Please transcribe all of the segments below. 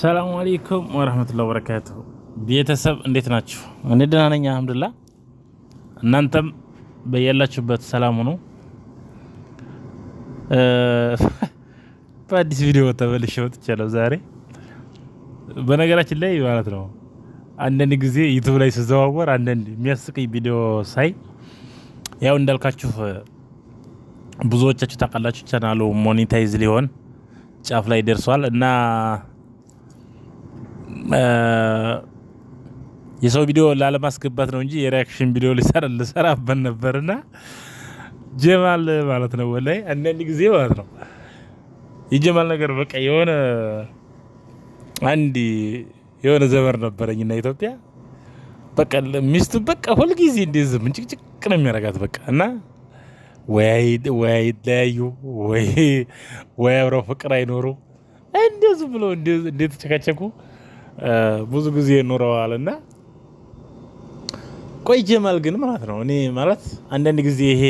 ሰላሙ አሌይኩም ወረህመቱላሂ ወበረካቱ ቤተሰብ እንዴት ናችሁ? እኔ ደህና ነኝ አልሐምዱሊላህ። እናንተም በያላችሁበት ሰላም ሁኑ። በአዲስ ቪዲዮ ተመልሼ መጥቻለሁ ዛሬ። በነገራችን ላይ ማለት ነው አንዳንድ ጊዜ ዩቱብ ላይ ስዘዋወር አንዳንድ የሚያስቅኝ ቪዲዮ ሳይ ያው እንዳልካችሁ ብዙዎቻችሁ ታውቃላችሁ ቻናሉ ሞኔታይዝ ሊሆን ጫፍ ላይ ደርሷል እና የሰው ቪዲዮ ላለማስገባት ነው እንጂ የሪያክሽን ቪዲዮ ልሰራበት ነበርና ጀማል ማለት ነው። ወላሂ አንዳንድ ጊዜ ማለት ነው የጀማል ነገር በቃ የሆነ አንድ የሆነ ዘመር ነበረኝና ኢትዮጵያ በቃ ሚስቱ በቃ ሁልጊዜ እንደዚህ ምንጭቅጭቅ ነው የሚያረጋት በቃ እና ወይ አይለያዩ ወይ አብረው ፍቅር አይኖሩ እንደዚህ ብሎ እንደተቸካቸኩ ብዙ ጊዜ ኑረዋል እና ቆይጀ መል ግን ማለት ነው እኔ ማለት አንዳንድ ጊዜ ይሄ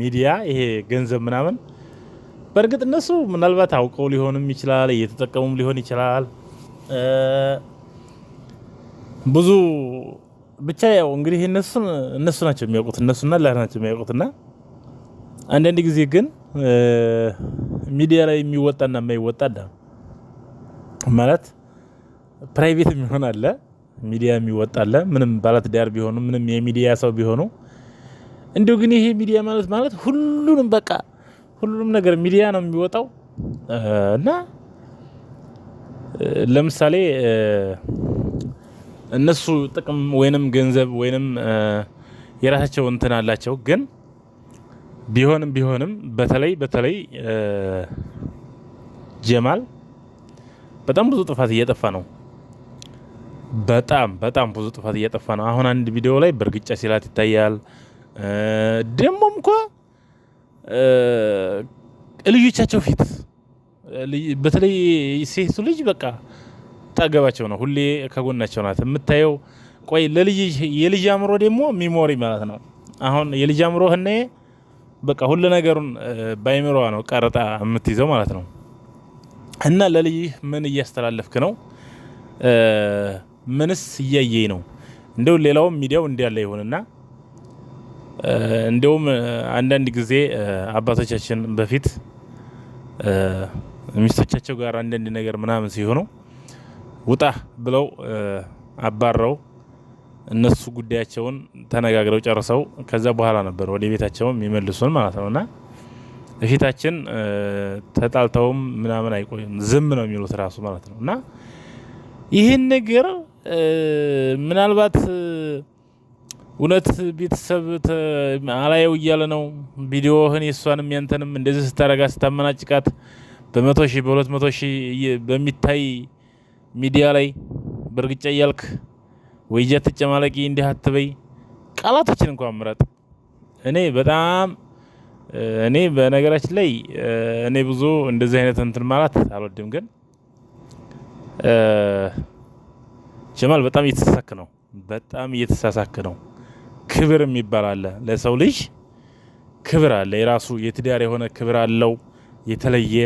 ሚዲያ ይሄ ገንዘብ ምናምን በእርግጥ እነሱ ምናልባት አውቀው ሊሆንም ይችላል እየተጠቀሙም ሊሆን ይችላል። ብዙ ብቻ ያው እንግዲህ እነሱ ናቸው የሚያውቁት እነሱና ላ ናቸው የሚያውቁትና አንዳንድ ጊዜ ግን ሚዲያ ላይ የሚወጣና የማይወጣ ማለት ፕራይቬት የሚሆን አለ፣ ሚዲያ የሚወጣ አለ። ምንም ባለትዳር ቢሆኑ ምንም የሚዲያ ሰው ቢሆኑ እንዲሁ ግን ይሄ ሚዲያ ማለት ማለት ሁሉንም በቃ ሁሉንም ነገር ሚዲያ ነው የሚወጣው እና ለምሳሌ እነሱ ጥቅም ወይንም ገንዘብ ወይንም የራሳቸው እንትን አላቸው። ግን ቢሆንም ቢሆንም በተለይ በተለይ ጀማል በጣም ብዙ ጥፋት እየጠፋ ነው። በጣም በጣም ብዙ ጥፋት እያጠፋ ነው። አሁን አንድ ቪዲዮ ላይ በእርግጫ ሲላት ይታያል። ደግሞም እንኳ ልጆቻቸው ፊት በተለይ ሴቱ ልጅ በቃ ጠገባቸው ነው፣ ሁሌ ከጎናቸው ናት የምታየው። ቆይ የልጅ አእምሮ ደግሞ ሚሞሪ ማለት ነው። አሁን የልጅ አእምሮ ህነ በቃ ሁሉ ነገሩን ባይምሮዋ ነው ቀረጣ የምትይዘው ማለት ነው። እና ለልጅህ ምን እያስተላለፍክ ነው? ምንስ እያየ ነው? እንደው ሌላውም ሚዲያው እንዲያለ ይሆንና እንደውም አንዳንድ ጊዜ አባቶቻችን በፊት ሚስቶቻቸው ጋር አንዳንድ ነገር ምናምን ሲሆኑ ውጣ ብለው አባረው እነሱ ጉዳያቸውን ተነጋግረው ጨርሰው ከዛ በኋላ ነበር ወደ ቤታቸው የሚመልሱን ማለት ነው። እና እፊታችን ተጣልተውም ምናምን አይቆዩም፣ ዝም ነው የሚሉት ራሱ ማለት ነው። እና ይህን ነገር ምናልባት እውነት ቤተሰብ አላየው እያለ ነው ቪዲዮህን የእሷንም ያንተንም እንደዚህ ስታረጋ ስታመናጭቃት በመቶ ሺህ በሁለት መቶ ሺህ በሚታይ ሚዲያ ላይ በእርግጫ እያልክ ወይጃ ትጨማለቂ እንዲህ አትበይ። ቃላቶችን እንኳን ምረጥ። እኔ በጣም እኔ በነገራችን ላይ እኔ ብዙ እንደዚህ አይነት እንትን ማለት አልወድም ግን ጀማል በጣም እየተሳሳክ ነው፣ በጣም እየተሳሳክ ነው። ክብር የሚባል አለ። ለሰው ልጅ ክብር አለ፣ የራሱ የትዳር የሆነ ክብር አለው። የተለየ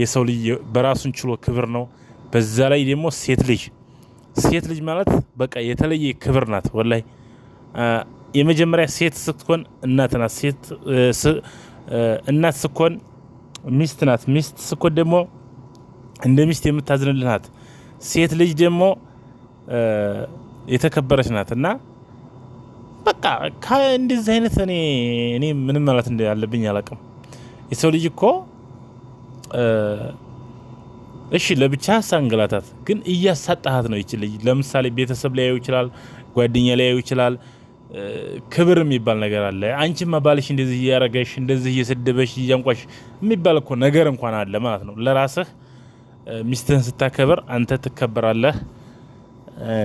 የሰው ልጅ በራሱን ችሎ ክብር ነው። በዛ ላይ ደግሞ ሴት ልጅ ሴት ልጅ ማለት በቃ የተለየ ክብር ናት። ወላይ የመጀመሪያ ሴት ስትኮን እናት ናት። እናት ስኮን ሚስት ናት። ሚስት ስኮን ደግሞ እንደ ሚስት የምታዝንልህ ሴት ልጅ ደግሞ የተከበረች ናት እና በቃ እንደዚህ አይነት እኔ እኔ ምንም ማለት ያለብኝ አላውቅም። የሰው ልጅ እኮ እሺ ለብቻ ሳንገላታት ግን እያሳጣሃት ነው። ይች ልጅ ለምሳሌ ቤተሰብ ሊያዩ ይችላል፣ ጓደኛ ሊያዩ ይችላል። ክብር የሚባል ነገር አለ። አንቺማ ባልሽ እንደዚህ እያረገሽ እንደዚህ እየሰደበሽ እያንቋሽ የሚባል እኮ ነገር እንኳን አለ ማለት ነው። ለራስህ ሚስትህን ስታከብር አንተ ትከበራለህ።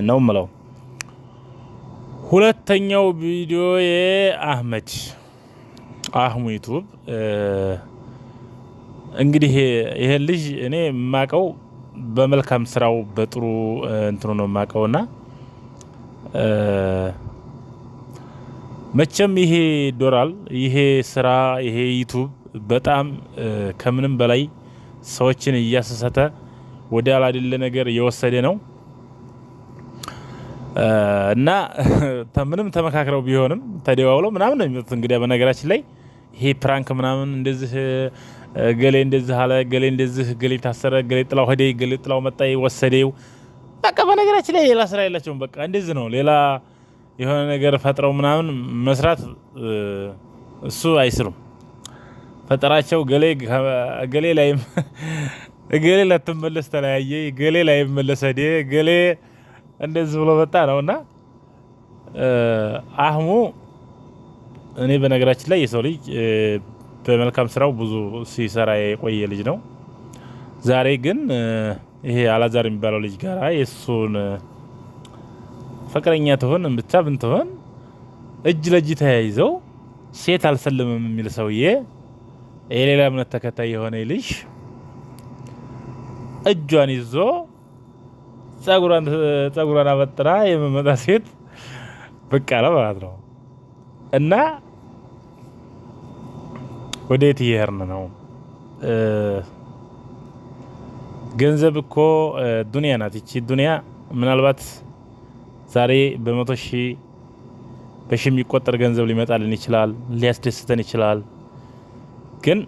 ነው ምለው። ሁለተኛው ቪዲዮ የአህመድ አህሙ ዩቱብ እንግዲህ ይሄን ልጅ እኔ የማቀው በመልካም ስራው በጥሩ እንትኑ ነው የማቀው ና መቼም ይሄ ዶራል ይሄ ስራ ይሄ ዩቱብ በጣም ከምንም በላይ ሰዎችን እያሰሰተ ወደ አላደለ ነገር እየወሰደ ነው። እና ምንም ተመካክረው ቢሆንም ተደዋውለው ምናምን ነው የሚመጡት። እንግዲያ በነገራችን ላይ ይሄ ፕራንክ ምናምን እንደዚህ ገሌ እንደዚህ አለ፣ ገሌ እንደዚህ፣ ገሌ ታሰረ፣ ገሌ ጥላው ሄደ፣ ገሌ ጥላው መጣ፣ ወሰደው። በቃ በነገራችን ላይ ሌላ ስራ የላቸውም። በቃ እንደዚህ ነው። ሌላ የሆነ ነገር ፈጥረው ምናምን መስራት እሱ አይስሩም። ፈጠራቸው ገሌ ላይም ገሌ ላትመለስ ተለያየ፣ ገሌ ላይመለስ መለሰ ገሌ እንደዚህ ብሎ መጣ ነው እና አህሙ እኔ በነገራችን ላይ የሰው ልጅ በመልካም ስራው ብዙ ሲሰራ የቆየ ልጅ ነው። ዛሬ ግን ይሄ አላዛር የሚባለው ልጅ ጋራ የእሱን ፍቅረኛ ትሆን ብቻ ብንትሆን እጅ ለእጅ ተያይዘው ሴት አልሰልምም የሚል ሰውዬ የሌላ እምነት ተከታይ የሆነ ልጅ እጇን ይዞ ጸጉሯን አበጥራ የምመጣ ሴት ብቅ አለ ማለት ነው። እና ወዴት እየሄድን ነው? ገንዘብ እኮ ዱንያ ናት። ይቺ ዱንያ ምናልባት ዛሬ በመቶ ሺህ በሺ የሚቆጠር ገንዘብ ሊመጣልን ይችላል፣ ሊያስደስተን ይችላል። ግን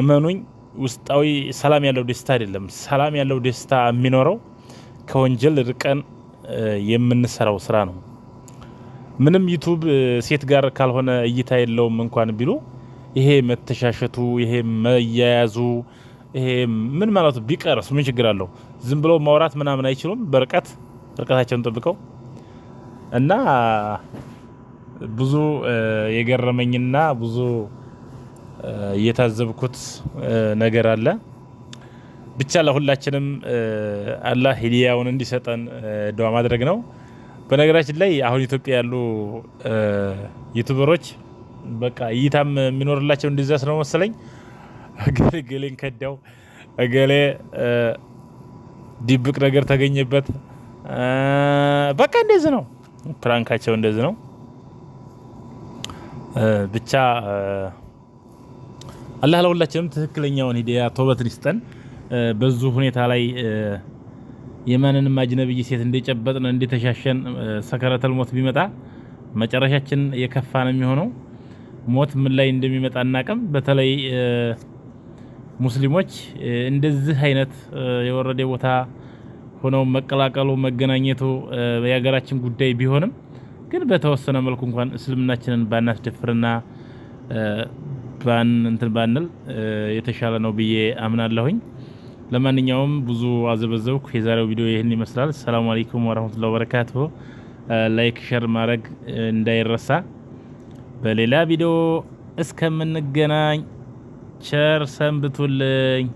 እመኑኝ ውስጣዊ ሰላም ያለው ደስታ አይደለም። ሰላም ያለው ደስታ የሚኖረው ከወንጀል ርቀን የምንሰራው ስራ ነው። ምንም ዩቱብ ሴት ጋር ካልሆነ እይታ የለውም እንኳን ቢሉ ይሄ መተሻሸቱ፣ ይሄ መያያዙ፣ ይሄ ምን ማለቱ ቢቀርስ ምን ችግር አለው? ዝም ብሎ ማውራት ምናምን አይችሉም? በርቀት ርቀታቸውን ጠብቀው እና ብዙ የገረመኝና ብዙ የታዘብኩት ነገር አለ። ብቻ ለሁላችንም አላህ ሂዲያውን እንዲሰጠን ድዋ ማድረግ ነው። በነገራችን ላይ አሁን ኢትዮጵያ ያሉ ዩቱበሮች በቃ እይታም የሚኖርላቸው እንደዚያ ስለሆነ መሰለኝ እገሌ እገሌን ከዳው፣ እገሌ ድብቅ ነገር ተገኘበት፣ በቃ እንደዚህ ነው። ፕራንካቸው እንደዚህ ነው። ብቻ አላህ ለሁላችንም ትክክለኛውን ሂዲያ ተውበትን ይስጠን። በዙ ሁኔታ ላይ የማንንም አጅነብይ ሴት እንደጨበጥን እንደተሻሸን ሰከረተል ሞት ቢመጣ መጨረሻችን የከፋ ነው የሚሆነው። ሞት ምን ላይ እንደሚመጣ እናቅም። በተለይ ሙስሊሞች እንደዚህ አይነት የወረደ ቦታ ሆነው መቀላቀሉ መገናኘቱ የሀገራችን ጉዳይ ቢሆንም ግን በተወሰነ መልኩ እንኳን እስልምናችንን ባናስደፍርና ባን እንትን ባንል የተሻለ ነው ብዬ አምናለሁኝ። ለማንኛውም ብዙ አዘበዘብኩ። የዛሬው ቪዲዮ ይህን ይመስላል። ሰላሙ አለይኩም ወረህመቱላሂ ወበረካቱሁ። ላይክ ሸር ማድረግ እንዳይረሳ። በሌላ ቪዲዮ እስከምንገናኝ ቸር ሰንብቱልኝ።